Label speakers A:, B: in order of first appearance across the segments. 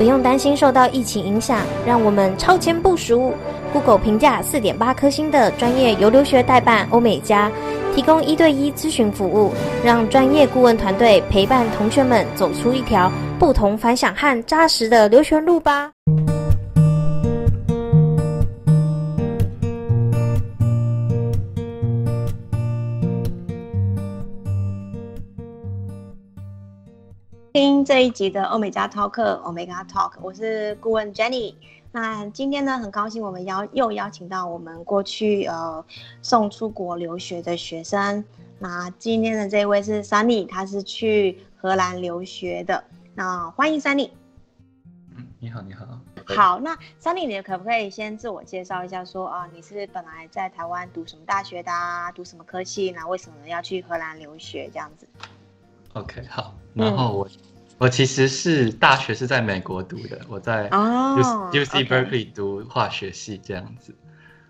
A: 不用擔心受到疫情影響，讓我們超前部署。Google 評價四點八顆星的專業游留學代辦歐美加，提供一對一諮詢服務，讓專業顧問團隊陪伴同學們走出一條不同凡響和扎實的留學路吧。聽這一集的歐美加 Talk，歐美加 Talk，我是顧問 Jenny。那今天呢，很高興我們邀、又邀請到我們過去呃送出國留學的學生。那今天的這位是 Sunny，他是去荷蘭留學的。那歡迎 Sunny。你好，你好。好，那 Sunny，你可不可以先自我介紹一下說，說、呃、啊，你是本來在台灣讀什麼大學的、啊，讀什麼科系，那為什麼要去荷蘭留學這樣子？
B: OK，好，然後我、嗯、我其實是大學是在美國讀的，我在 UC、哦、UC Berkeley，okay. 讀化學系這樣子。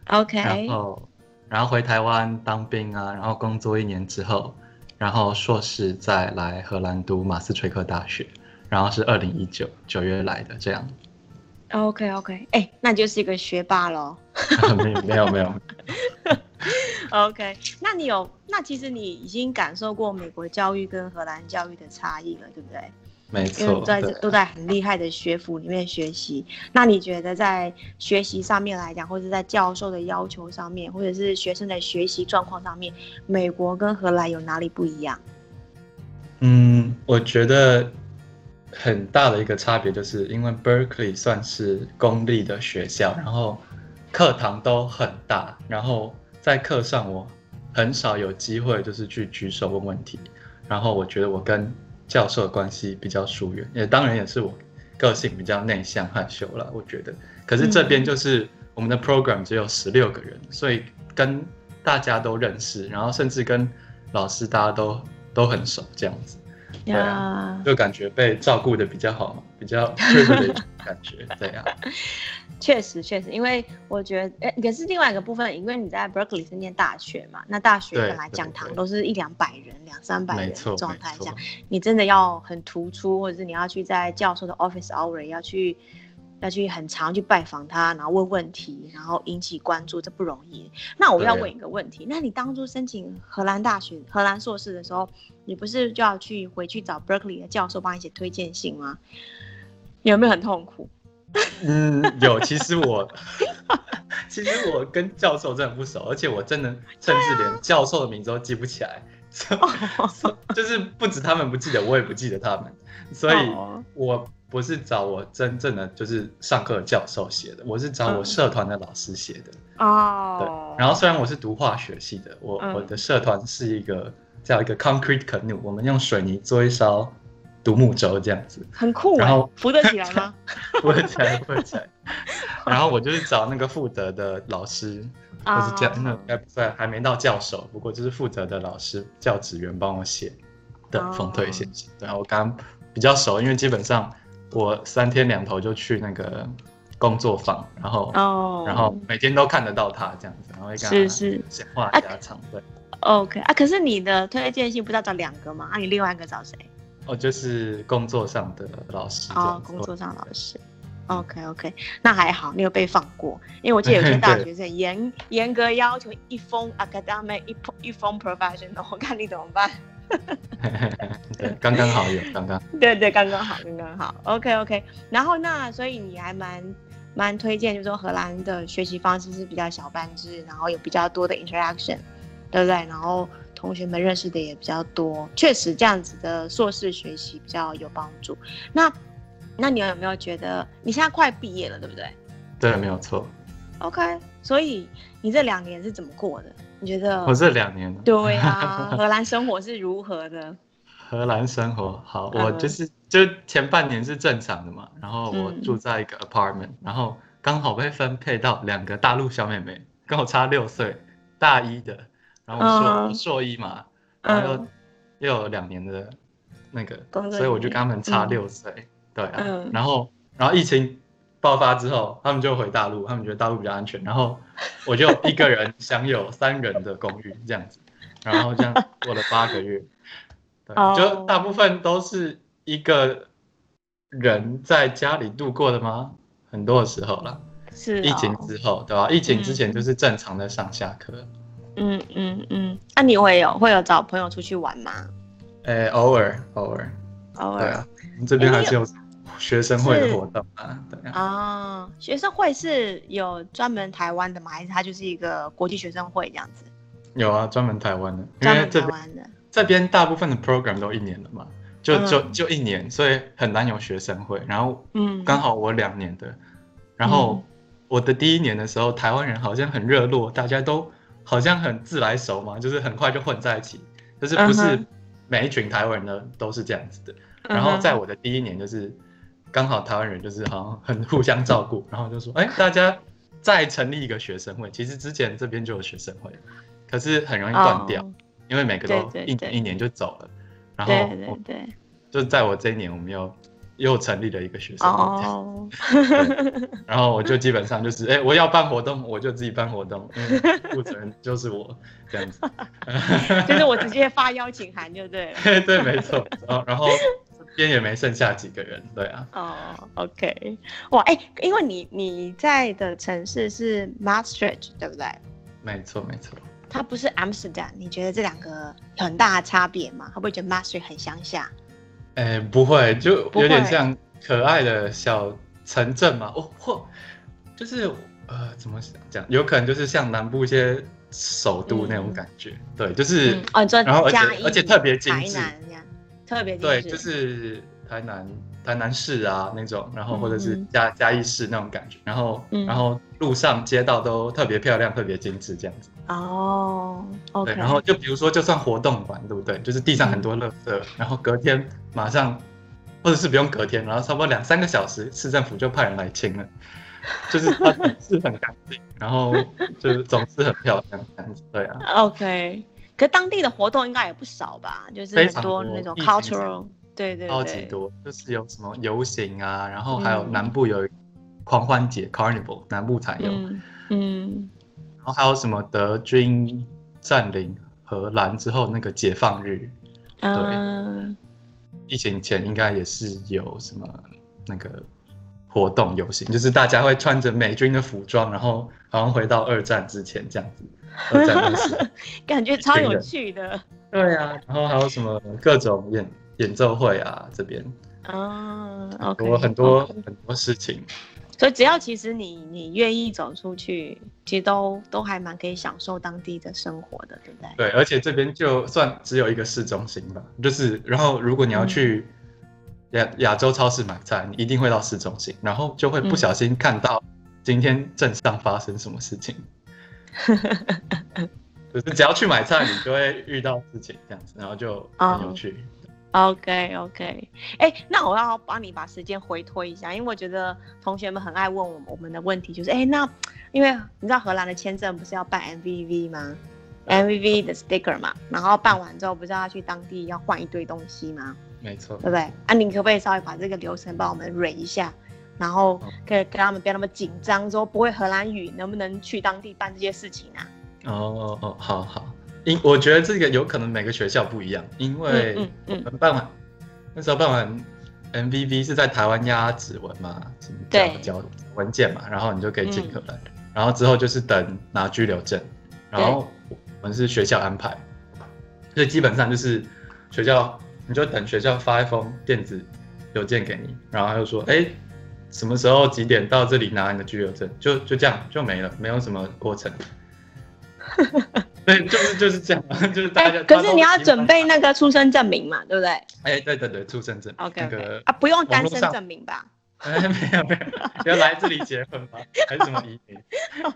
A: OK，然後
B: 然後回台灣當兵啊，然後工作一年之後，然後碩士再來荷蘭讀馬斯垂克大學，然後是二零一九九月來的這樣。
A: OK OK，哎，那你就是一個學霸嘍。
B: 沒沒有沒有。沒有沒有
A: OK，那你有那其實你已經感受過美國教育，跟荷蘭教育的差異了，對不對？
B: 沒錯，在都
A: 在很厲害的學府裡面學習。那你覺得在學習上面來講，或者在教授的要求上面，或者是學生的學習狀況上面，美國跟荷蘭有哪裡不一樣？
B: 嗯，我覺得很大的一個差別就是因為 Berkeley 算是公立的學校，然後課堂都很大，然後。在課上，我很少有機會就是去舉手問問題，然後我覺得我跟教授的關係比較疏遠，也當然也是我個性比較內向害羞啦，我覺得，可是這邊就是我們的 program 只有十六個人，嗯，所以跟大家都認識，然後甚至跟老師大家都都很熟，這樣子。Yeah. 對啊，就感覺被照顧得比較好，比較，感覺這
A: 樣、 啊。確實確實，因為我覺得，哎，可是另外一個部分，因為你在 Berkeley 是念大學嘛，那大學本來講堂都是一兩百人、兩三百人的狀態下，沒錯沒錯，你真的要很突出，或者是你要去在教授的 office hour 要去。要去很常去拜訪他，然後問問題，然後引起關注，這不容易。那我要問一個問題、啊：那你當初申請荷蘭大學、荷蘭碩士的時候，你不是就要去回去找 Berkeley 的教授幫你寫推薦信嗎？有沒有很
B: 痛苦？嗯，有。其實我， 其實我跟教授真的很不熟，而且我真的甚至連教授的名字都記不起來，啊、 就是不止他們不記得，我也不記得他們，所以，我。不是找我真正的，就是上課的教授寫的，我是找我社團的老師寫的
A: 哦、嗯。對，
B: 然後雖然我是讀化學系的，我、嗯、我的社團是一個叫一個 concrete canoe，我們用水泥做一艘獨木舟這樣子，
A: 很酷，欸。然後浮得起來
B: 嗎？浮 得起來，浮得起來。 然後我就是找那個負責的老師，啊、我是這樣。那應該不算還沒到教授，不過就是負責的老師教職員幫我寫的封推信，然、哦、後我剛剛比較熟，因為基本上。我三天兩頭就去那個工作坊，然後，oh. 然後每天都看得到他這樣子，然後會跟他，想他是是講話給長對。
A: OK 啊，可是你的推薦信不知道找兩個嗎？那、啊、你另外一個找誰？
B: 哦，就是工作上的老師。哦、oh，工作上老師。
A: OK OK，那還好，你有被放過，因為我記得有些大學生 嚴嚴格要求一封 a c a d e m i 一封一封 Professional，我看你怎麼辦。
B: 對，剛剛好
A: 有剛剛。剛剛 對，對對，剛剛好，剛剛好。OK OK。然後那，所以你還蠻蠻推薦，就是說荷蘭的學習方式是比較小班制，然後有比較多的 interaction，對不對？然後同學們認識的也比較多，確實這樣子的碩士學習比較有幫助。那那你有沒有覺得，你現在快畢業了，對不對？
B: 對，沒有錯。
A: OK。所以你這兩年是怎麼過的？你覺得我這兩年，對啊，荷蘭生活是如何的？
B: 荷蘭生活好，我就是就前半年是正常的嘛，然後我住在一個 apartment，、嗯、然後剛好被分配到兩個大陸小妹妹，跟我差六歲，大一的，然後我碩、嗯、碩一嘛，然後又、嗯、又有兩年的那個，所以我就跟他們差六歲，嗯、對啊、嗯，然後然後疫情。爆發之後，他們就回大陸，他們覺得大陸比較安全。然後我就一個人享有三人的公寓這樣子， 然後這樣過了八個月，oh. 就大部分都是一個人在家裡度過的嗎？很多的時候了，是、哦、疫情之後，對吧、啊？疫情之前就是正常的上下課。嗯嗯嗯，
A: 那、嗯嗯啊、你會有會有找朋友出去玩嗎？
B: 哎、欸，偶爾偶爾偶爾，對啊，你這邊還是有。欸學生會的活
A: 動啊？啊、哦，學生會是有專門台灣的嗎？還是它就是一個國際學生會這樣子？
B: 有啊，專門台灣的。因為這邊，專門台灣的。這邊大部分的 program 都一年的嘛，就、嗯、就就一年，所以很難有學生會。然後，嗯，剛好我兩年的。
A: 然後，
B: 我的第一年的時候，台灣人好像很熱絡，大家都好像很自來熟嘛，就是很快就混在一起。就是不是每一群台灣人呢都是這樣子的。嗯、然後，在我的第一年就是。剛好台灣人就是好像很互相照顧，然後就說，哎、欸，大家再成立一個學生會。其實之前這邊就有學生會，可是很容易斷掉，oh, 因為每個都一對對對一年就走了。然後對對，對就在我這一年，我們又又成立了一個學生會、oh.。然後我就基本上就是，哎、 欸，我要辦活動，我就自己辦活動，負、嗯、責 人就是我這樣子。 就是我直接發邀請函就，
A: 就 對。對對，沒
B: 錯。然後。也沒剩下幾個人，對啊。
A: 哦、oh,，OK，哇，哎、欸，因為你你在的城市是 Maastricht 對不對？
B: 沒錯，沒錯。
A: 它不是 Amsterdam，你覺得這兩個有很大的差別嗎？會不會覺得 Maastricht 很鄉下？
B: 哎、欸，不會，就有點像可愛的小城鎮嘛。哦嚯，就是呃，怎麼講？有可能就是像南部一些首都那種感覺，嗯、對，就是、嗯、哦你知道，然後而且而且特別精致。特別精緻，對，就是台南台南市啊那種，然後或者是嘉嘉、嗯嗯、義市那種感覺，然後、嗯、然後路上街道都特別漂亮，特別精緻這樣子。
A: 哦、okay，對，然後
B: 就比如說就算活動完，對不對？就是地上很多垃圾，然後隔天馬上，或者是不用隔天，然後差不多兩三個小時，市政府就派人來清了，就是它就是很乾淨， 然後就是總是很漂亮，對啊。
A: OK。可當地的活動應該也不少吧，就是很多非常多那種 cultural，對，對對，超級
B: 多，就是有什麼遊行啊，然後還有南部有狂歡節、嗯、（carnival），南部才有、嗯，嗯，然後還有什麼德軍佔領荷蘭之後那個解放日，嗯、對、嗯，疫情前應該也是有什麼那個。活動遊行，就是大家會穿着美軍的服裝，然後好像回到二戰之前這樣子。 二戰就
A: 是、 感覺超有趣的。
B: 對呀、啊，然後還有什麼各種演演奏會啊，這邊啊，有、
A: oh, okay, 很多很多、okay. 很
B: 多事情。
A: 所，so, 以只要其實你你願意走出去，其實都都還蠻可以享受當地的生活的，對
B: 不對？對，而且這邊就算只有一個市中心吧，就是然後如果你要去。嗯亞亞洲超市買菜，你一定會到市中心，然後就會不小心看到今天鎮上發生什麼事情。可、嗯、 是只要去買菜，你就會遇到事情這樣
A: 子，然後就很有趣。Oh. OK OK，、欸、那我要幫你把時間回推一下，因為我覺得同學們很愛問我們我們的問題，就是哎、欸，那因為你知道荷蘭的簽證不是要辦 M V V 嗎、oh.？M V V 的 sticker 嘛，然後辦完之後不是要去當地要換一堆東西嗎？沒錯，對不對？啊，您可不可以稍微把這個流程幫我們潤一下，然後可以跟他們不要那麼緊張，說不會荷蘭語，能不能去當地辦這些事情啊？
B: 哦哦哦，好好，因我覺得這個有可能每個學校不一樣，因為嗯嗯，辦、嗯、完、嗯、那時候辦完 M V V 是在台灣壓指紋嘛，對，交文件嘛，然後你就可以進荷蘭、嗯，然後之後就是等拿居留證，然後我們是學校安排，所以基本上就是學校。你就等學校發一封電子郵件給你，然後他就說：“哎，什麼時候幾點到這裡拿你的居留證？”就就這樣就沒了，沒有什麼過程。 對，就是就是這樣，就是大家，大家。可是你要準備
A: 那個出生證明嘛，對不對？
B: 哎，對，對對對，出生證明。OK, okay.。啊，不用單身證明吧？哎，沒有沒有，要來這裡結婚嗎？還是什麼移民？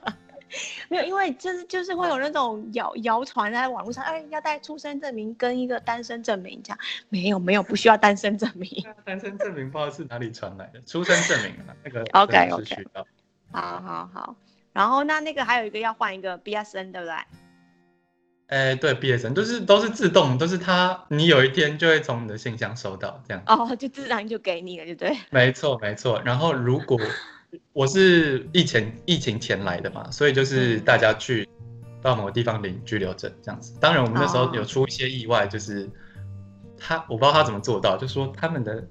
A: 沒有，因為就是就是會有那種謠謠傳在網絡上，哎、欸，要帶出生證明跟一個單身證明，這樣沒有沒有不需要單身證明，
B: 單身證明不知道是哪裡傳來的，出生證明、啊、那個是。OK o、okay. 好好好，
A: 然後那那個還有一個要換一個 BSN 對不對？
B: 哎、欸，對，BSN 就是都是自動，都是他，你有一天就會從你的信箱收到這
A: 樣。哦、oh，就自然就給你了，對對？
B: 沒錯沒錯，然後如果。 我是疫情疫情前來的嘛，所以就是大家去到某個地方領居留證這樣子。當然，我們那時候有出一些意外，就是、oh. 他我不知道他怎麼做到，就是說他們的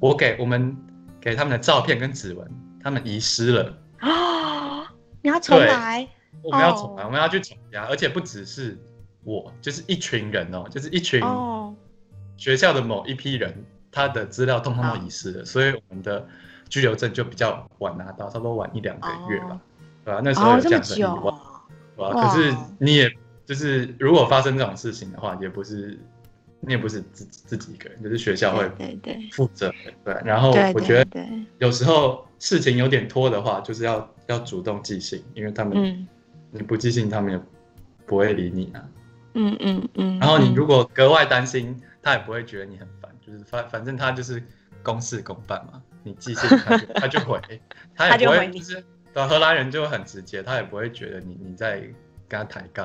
B: 我給我們給他們的照片跟指紋，他們遺失了
A: 啊！Oh. 你要重來、oh.，我們要重
B: 來，我們要去重來，而且不只是我，就是一群人哦，就是一群學校的某一批人，他的資料都通通都遺失了，oh. 所以我們的。居留證就比較晚拿、啊、到，差不多晚一兩個月吧，oh. 對啊，那時候有這樣的麼？哇！哇、啊！可是你也就是，如果發生這種事情的話，wow. 也不是你也不是自自己一個人，就是學校會負責。對負責。對。然後我覺得對對對有時候事情有點拖的話，就是要要主動寄信，因為他們、嗯、你不寄信，他們也不會理你啊。嗯嗯嗯。然後你如果格外擔心，他也不會覺得你很煩、嗯，就是反反正他就是公事公辦嘛。 你寄信他就，他就回，他也不會就是，荷蘭人就很直接，他也不會覺得你你在跟他抬槓，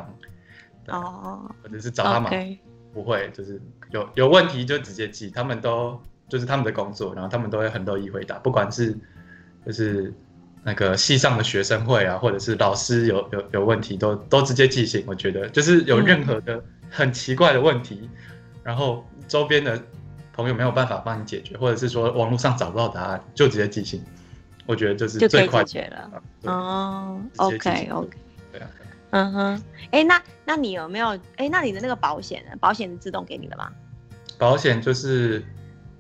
B: 哦
A: 哦，Oh. 或者是找他麻煩，Okay.
B: 不會，就是有有問題就直接寄，他們都就是他們的工作，然後他們都會很樂意回答，不管是就是那個系上的學生會啊，或者是老師有有有問題都都直接寄信，我覺得就是有任何的很奇怪的問題，嗯、然後周邊的。朋友沒有辦法幫你解決，或者是說網絡上找不到答案，就直接寄信。我覺得就是最快解決
A: 了。哦、啊 oh,，OK OK。對啊。嗯哼，哎，那那你有沒有？哎、欸，那你的那個保險，保險是自動給你的嗎？
B: 保險就是，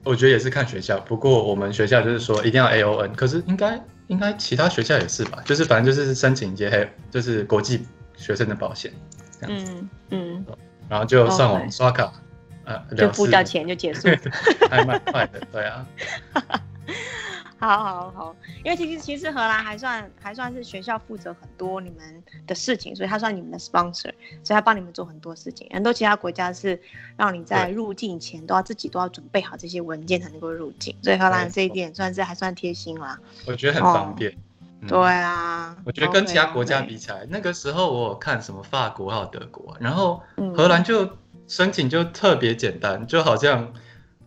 B: 我覺得也是看學校。不過我們學校就是說一定要 AON，可是應該應該其他學校也是吧？就是反正就是申請一些，就是國際學生的保險，這樣子。嗯嗯。然後就上網刷卡。Okay. 啊、就付掉錢就結束了，
A: 還蠻快的，對啊。 好，好,好，好，因為其實其實荷蘭還算還算是學校負責很多你們的事情，所以他算你們的 sponsor，所以他幫你們做很多事情。很多其他國家是讓你在入境前都要自己都要準備好這些文件才能夠入境，所以荷蘭這一點算是還算貼心啦。我
B: 覺得很方便、哦嗯。對啊。我覺得跟其他國家比起來 okay,，那個時候我有看什麼法國還有德國，然後荷蘭就、嗯。申請就特別簡單，就好像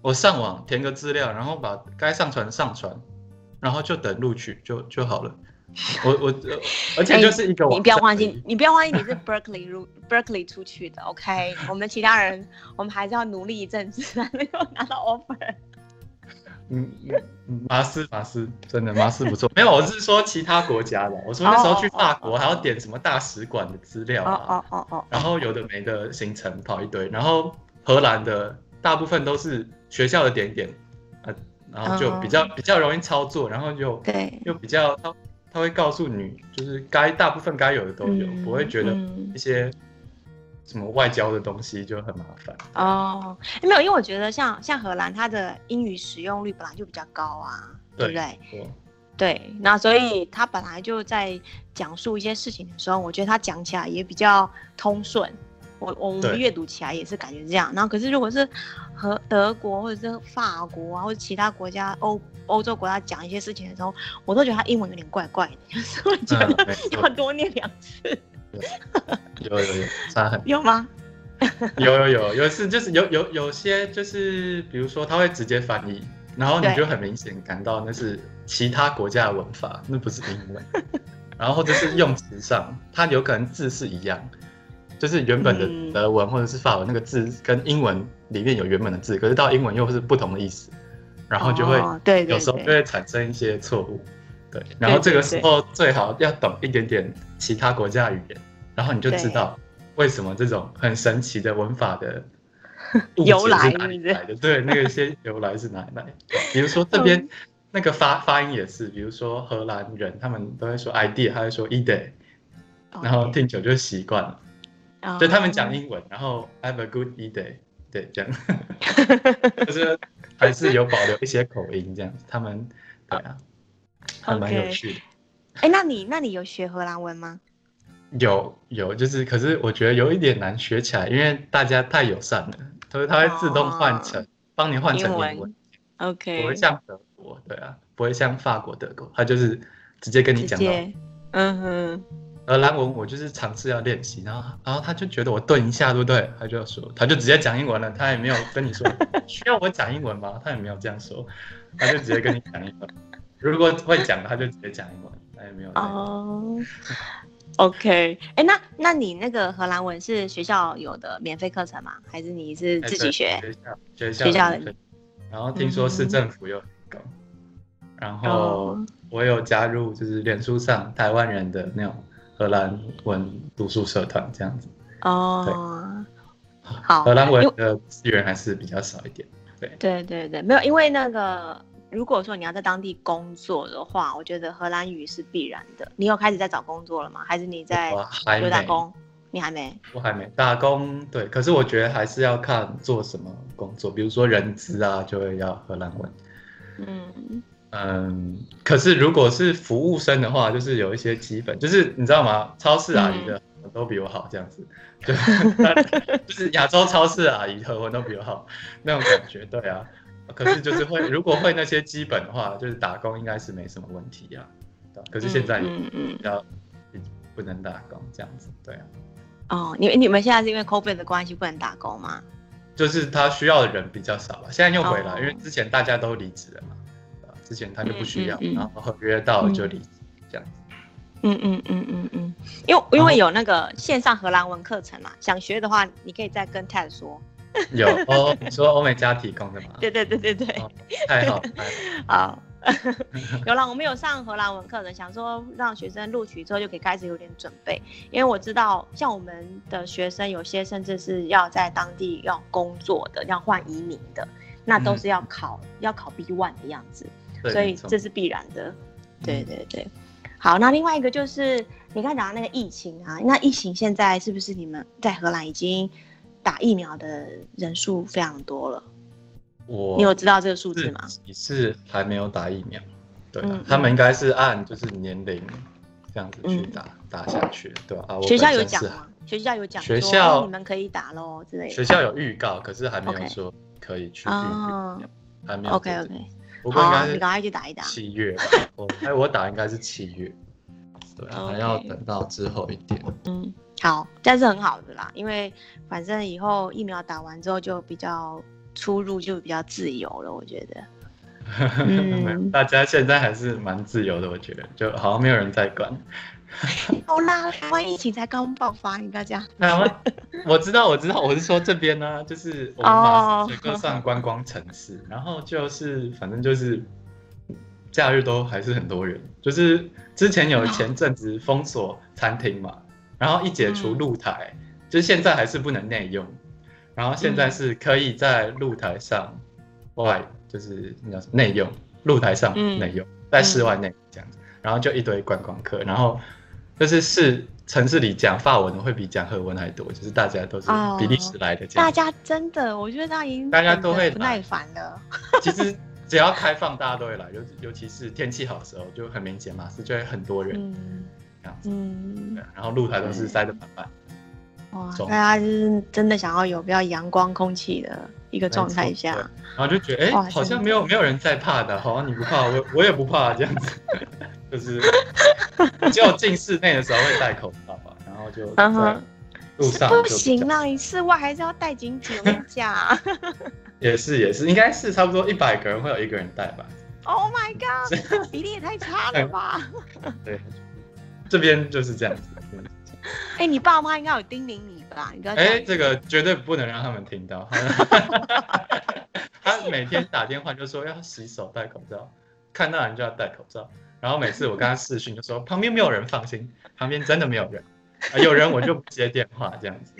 B: 我上網填個資料，然後把該上傳的上傳，然後就等錄取就就好了。我我，我，而且就是一個、欸、你不要忘記，
A: 你不要忘記你是 Berkeley 入 Berkeley 出去的。OK，我們其他人 我們還是要努力一陣子沒、啊、有拿到 offer。
B: 嗯，嗯，馬斯馬斯真的馬斯不錯。 沒有，我是說其他國家的。我說那時候去法國還要點什麼大使館的資料啊、oh, oh, oh, oh, oh. 然後有的沒的行程跑一堆。然後荷蘭的大部分都是學校的點點、啊、然後就比較、oh. 比較容易操作。然後就對、okay. 又比較他他會告訴你，就是該大部分該有的都有、嗯，不會覺得一些。嗯什麼外交的東西就很麻煩
A: 哦，沒有，因為我覺得像像荷蘭，它的英語使用率本來就比較高啊，
B: 對，對不對？Oh.
A: 對，那所以他本來就在講述一些事情的時候，我覺得他講起來也比較通順，我我們閱讀起來也是感覺這樣。然後可是如果是和德國或者是法國啊或者其他國家歐歐洲國家講一些事情的時候，我都覺得他英文有點怪怪的，
B: 所以我覺得要
A: 多念兩次。
B: 有有有，差很遠。有嗎？有 有有，有是就是有有有些就是，比如說他會直接翻譯，然後你就很明顯感到那是其他國家的文法，那不是英文。 然後就是用詞上，它有可能字是一樣，就是原本的德文或者是法文那個字跟英文裡面有原本的字，嗯、可是到英文又是不同的意思，然後就會、哦、對對對對，有時候就會產生一些錯誤。對，然後這個時候最好要懂一點點其他國家語言，對對對，然後你就知道為什麼這種很神奇的文法的由來是哪裡來的 由來是哪來的。對，那些由來是哪裡來？ 比如說這邊、嗯、那個發發音也是，比如說荷蘭人他們都會說 I D，他會說 E day，、okay. 然後聽久就習慣了。Um, 就他們講英文，然後 I have a good E day，對，這樣 就是還是有保留一些口音這樣。他們對啊。啊還蠻有趣的，
A: 哎、Okay. 欸，那你那你有學荷蘭文嗎？
B: 有有，就是可是我覺得有一點難學起來，因為大家太友善了，他、就、說、是、他會自動換成幫、oh. 你換成英文
A: ，OK，不會像
B: 德國，對啊，不會像法國德國，他就是直接跟你講的，嗯嗯，荷、uh、蘭 -huh. 文我就是嘗試要練習，然後然後他就覺得我頓一下，對不對？他就說他就直接講英文了，他也沒有跟你說 需要我講英文嗎？他也沒有這樣說，他就直接跟你講英文。 如果會講，他就直接講英文，
A: 但也沒有哦。Oh, OK，哎、欸，那那你那個荷蘭文是學校有的免費課程嗎？還是你是自己學？欸、
B: 學校學校，學校的然後聽說市政府有一個，然後、oh. 我有加入，就是臉書上台灣人的那種荷蘭文讀書社團這樣子。
A: 哦、oh.，好。荷蘭文
B: 的資源還是比較少一點。對
A: 對對對，沒有，因為那個。如果說你要在當地工作的話，我覺得荷蘭語是必然的。你有開始在找工作了嗎？還是你在做打工？你還沒？
B: 我還沒打工。對，可是我覺得還是要看做什麼工作。比如說人資啊，就會要荷蘭文。嗯嗯。可是如果是服務生的話，就是有一些基本，就是你知道嗎？超市阿姨的都比我好，這樣子。嗯、就， 就是亞洲超市阿姨的我都比我好，那種感覺。對啊。
A: 可是就是會，如果會那
B: 些基本的話，就是打工應該是沒什麼問題呀。對，可是現在要、嗯嗯嗯、不能打工這樣子，對啊。
A: 哦，你們你們現在是因為 COVID 的關係不能打工嗎？
B: 就是他需要的人比較少了，現在又回來、哦，因為之前大家都離職了嘛。之前他就不需要，嗯嗯嗯、然後合約到了就離職、嗯、這樣子。嗯嗯嗯嗯
A: 嗯，因為、哦、因為有那個線上荷蘭文課程嘛，想學的話你可以再跟 Ted 說。 有
B: 哦、哦、你說歐美家提供的
A: 嗎？ 對對對對對，哦、太好太
B: 好。好
A: 有啦，我們有上荷蘭文課的，想說讓學生錄取之後就可以開始有點準備，因為我知道像我們的學生有些甚至是要在當地要工作的，要換移民的，
B: 那都是
A: 要考、嗯、要考 B1 的樣子，所以這是必然的、嗯。對對對，好，那另外一個就是你剛講的那個疫情啊，那疫情現在是不是你們在荷蘭已經？打疫苗的人數非
B: 常多了，我你有知道
A: 這個數字嗎？
B: 你是還沒有打疫苗，對、嗯嗯，他們應該是按就是年齡這樣子去打、嗯、打下去，對啊，學校有講嗎、
A: 啊學？學校有講，學、哦、校你們可以打嘍之類的學校
B: 有預告，可是還沒有說可以去打、哦，還沒有、這個。OK、哦、OK，不過應該、哦、趕快去打一打，七月，我，哎，我打應該是七月，對啊， 還要等到之後一點，嗯。
A: 好，這樣是很好的啦，因為反正以後疫苗打完之後，就比較出入
B: 就比較自由了。我覺得、嗯， 大家現在還是蠻自由的，我覺得，就好像沒有人在管。
A: 好 啦、啦，台灣疫情才剛爆發，大家。
B: 那 我、我知道，我知道，我是說這邊呢、啊，就是我們馬斯垂克算觀光城市，oh. 然後就是反正就是，假日都還是很多人，就是之前有前陣子封鎖餐廳嘛。Oh. 然後一解除露台，嗯、就是現在還是不能內用。然後現在是可以在露台上，外、嗯、就是叫內用，露台上內用，嗯、在室外內這樣子、嗯。然後就一堆觀光客，然後就是是城市裡講法文會比講荷文還多，就是大家都是比利時來的這樣、哦。大家
A: 真的，我覺得他已經大家都會不耐煩了。
B: 其實只要開放，大家都會來，尤 尤其是天氣好的時候，就很明顯嘛，是就會很多人。嗯嗯，然後露台都是塞得滿滿、
A: 嗯。哇，大家就是真的想要有比較陽光、空氣的一個狀態下，
B: 然後就覺得，哎、欸，好像沒有沒有人在怕的，好像、啊、你不怕，我我也不怕，這樣子， 就是只有進室內的時候會戴口罩吧，然後就路上就、嗯、哼
A: 是不行、啊、你室外還是要戴緊緊。
B: 也是也是，應該是差不多一百個人會有一個人戴吧。
A: Oh my god， 比例也太差了吧？ 對。對
B: 這邊就是這樣
A: 子。哎、欸，你爸媽應該有叮嚀你吧？你不要。哎、欸，這
B: 個絕對不能讓他們聽到。 他每天打電話就說要洗手、戴口罩，看到人就要戴口罩。然後每次我跟他視訊就說旁邊沒有人，放心，旁邊真的沒有人。有人我就不接電話這樣子。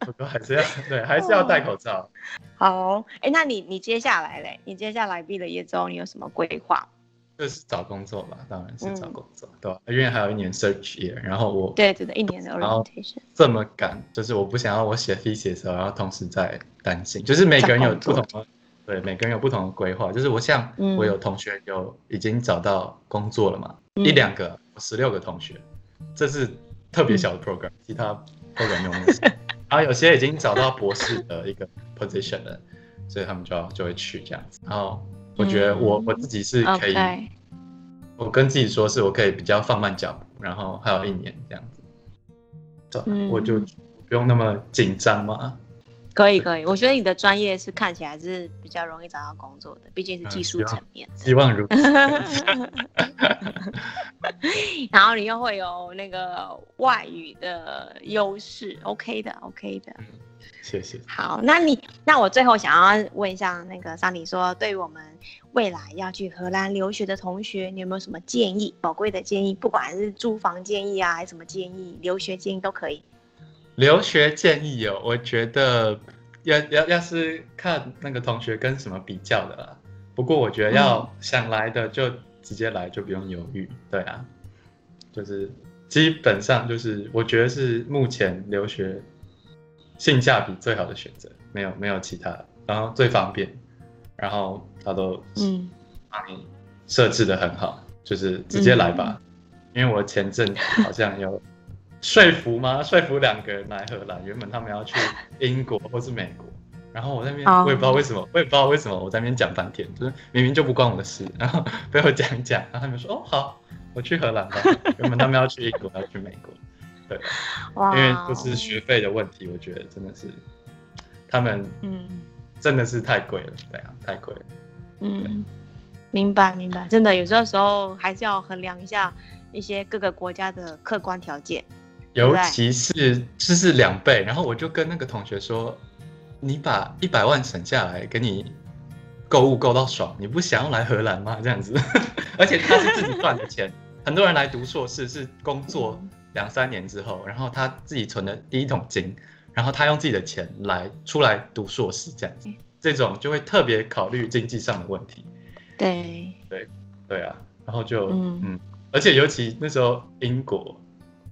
B: 我說還是要對，還是要戴口罩。
A: 哦、好、哦，哎、欸，那你你接下來嘞？你接下來畢了業之後你有什麼規劃？
B: 就是找工作吧，當然是找工作，嗯、對，因為還有一年 search year，然後我對，只有一年的 orientation，這麼趕，就是我不想要我寫 thesis 的時候，然後同時在擔心，就是每個人有不同的，對，每個人有不同的規劃，就是我像我有同學有已經找到工作了嘛，嗯、一兩個，十六個同學，這是特別小的 program，、嗯、其他 program 沒有， 然後有些已經找到博士的一個 position 了， 所以他們就要就會去這樣子，然後。我覺得我、嗯、我自己是可以、okay，我跟自己說是我可以比較放慢腳步，然後還有一年這樣子，嗯、我就不用那麼緊張嘛。
A: 可以可以，我覺得你的專業是看起來是比較容易找到工作的，畢竟是技術層面、嗯、希望，希望如此。 然後你又會有那個外語的優勢，OK 的，OK 的。Okay 的嗯謝謝。好，那你那我最後想要問一下，那個 Sunny 說，對於我們未來要去荷蘭留學的同學，你有沒有什麼建議？寶貴的建議，不管是租房建議啊，還是什麼建議，留學建議都可以。
B: 留學建議有、哦，我覺得要要要是看那個同學跟什麼比較的啦、啊。不過我覺得要想來的就直接來，就不用猶豫。對啊，就是基本上就是，我覺得是目前留學，性價比最好的選擇，沒有沒有其他，然後最方便，然後他都嗯，把你設置的很好，就是直接來吧，嗯、因為我前陣子好像有說服嗎？ 說服兩個人來荷蘭，原本他們要去英國或是美國，然後我在那邊我也不知道為什麼，我也不知道為什麼我在那邊講半天，就是明明就不關我的事，然後被我講一講，然後他們說哦好，我去荷蘭吧，原本他們要去英國 要去美國。對，因為就是學費的問題，我覺得真的是他們，嗯，真的是太貴了，嗯，對啊，太貴了，嗯，
A: 明白明白，真的有時候時候還是要衡量一下一些各個國家的客觀條件，
B: 尤其是這是兩倍，然後我就跟那個同學說，你把一百萬省下來給你購物購到爽，你不想要來荷蘭嗎？這樣子， 而且他是自己賺的錢， 很多人來讀碩士是工作。嗯兩三年之後，然後他自己存的第一桶金，然後他用自己的錢來出來讀碩士，這樣子，這種就會特別考慮經濟上的問題。對對對啊，然後就嗯、嗯，而且尤其那時候英國，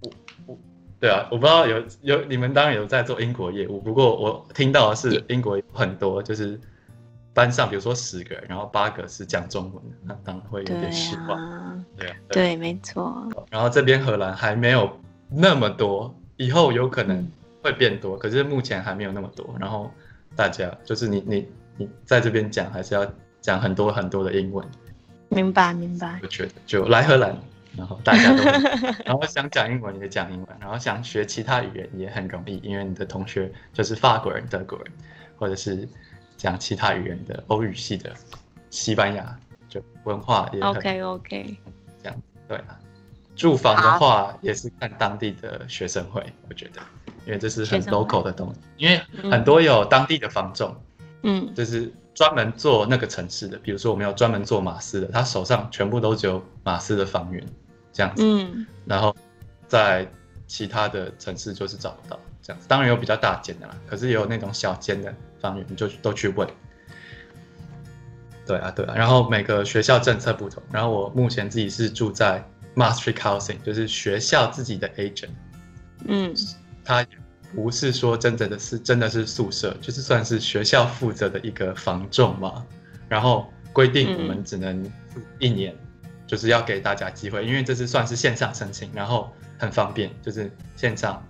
B: 我我對啊，我不知道有有你們當然有在做英國業務，不過我聽到的是英國有很多就是班上，比如說十個，然後八個是講中文的，那當然會有點失望。對，
A: 對，沒
B: 錯。然後這邊荷蘭還沒有那麼多，以後有可能會變多，嗯、可是目前還沒有那麼多。然後大家就是你你你在這邊講，還是要講很多很多的英文。
A: 明白明白。
B: 我覺得就來荷蘭，然後大家都， 然後想講英文也講英文，然後想學其他語言也很容易，因為你的同學就是法國人、德國人，或者是講其他語言的歐語系的西班牙，就文化也。OK OK。對、啊、住房的話也是看當地的學生會，啊、我覺得，因為這是很 local 的東西，因為很多有當地的房仲，嗯，就是專門做那個城市的、嗯，比如說我們有專門做馬斯的，他手上全部都只有馬斯的房源，這樣子，嗯，然後在其他的城市就是找不到，這樣子，當然有比較大間的啦，可是也有那種小間的房源，你就都去問。對啊，對啊，然後每個學校政策不同。然後我目前自己是住在 Maastricht Housing，就是學校自己的 agent，嗯，就是、他不是說真正的是真的是宿舍，就是算是學校負責的一個房仲嘛。然後規定我們只能一年、嗯，就是要給大家機會，因為這是算是線上申請，然後很方便，就是線上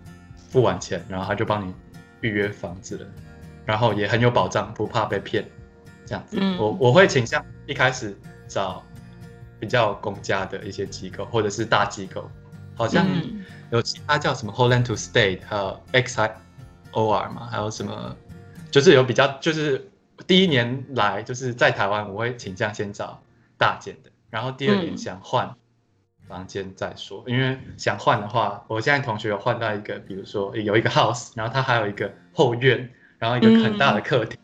B: 付完錢，然後他就幫你預約房子了，然後也很有保障，不怕被騙。這樣子，我我會傾向一開始找比較公家的一些機構，或者是大機構，好像有其他叫什麼 Holland to Stay 還有 XIOR 嘛，還有什麼，就是有比較，就是第一年來就是在台灣，我會傾向先找大件的，然後第二年想換房間再說、嗯。因為想換的話，我現在同學有換到一個，比如說有一個 house，然後他還有一個後院，然後一個很大的客廳。嗯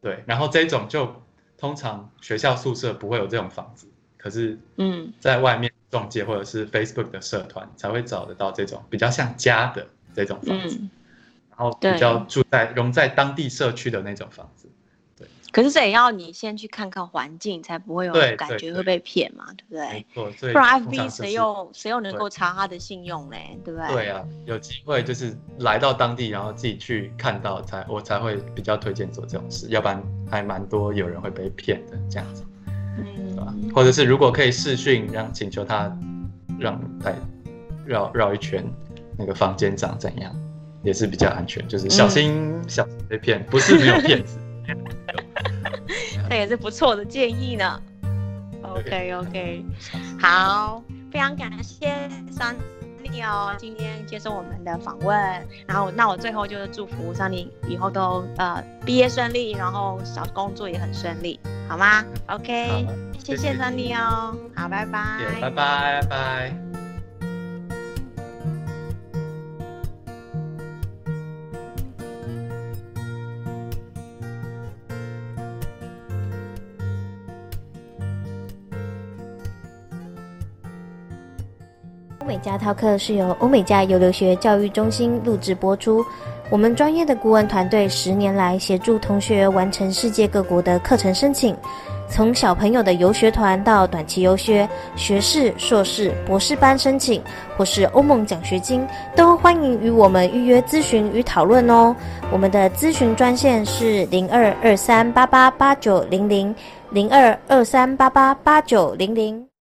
B: 對，然後這種就通常學校宿舍不會有這種房子，可是嗯，在外面中介或者是 Facebook 的社團才會找得到這種比較像家的這種房子，嗯，然後比較住在，融在當地社區的那種房子。
A: 可是這也要你先去看看環境，才不會有感覺會被騙嘛，
B: 對不對？沒錯，不然 FB 誰又
A: 誰又能夠查他的信用嘞？對不對？對啊，
B: 有機會就是來到當地，然後自己去看到，才我才會比較推薦做這種事，要不然還蠻多有人會被騙的這樣子，嗯，對吧？或者是如果可以視訊，讓請求他讓他繞繞一圈，那個房間長怎樣，也是比較安全，嗯，就是小心小心被騙，嗯，不是沒有騙子。
A: 這 也是不錯的建議呢。OK OK，好，非常感謝 Sunny 哦，今天接受我們的訪問。然後，那我最後就是祝福 Sunny 以後都呃畢業順利，然後找工作也很順利，好嗎？OK，好謝謝 Sunny 哦。好，拜拜。
B: 拜拜拜。
A: 家套課是由歐美加遊留學教育中心錄製播出。我們專業的顧問團隊十年來協助同學完成世界各國的課程申請，從小朋友的遊學團到短期遊學、學士、碩士、博士班申請，或是歐盟獎學金，都歡迎與我們預約諮詢與討論哦。我們的諮詢專線是零二二三八八八九零零，零二二三八八八九零零。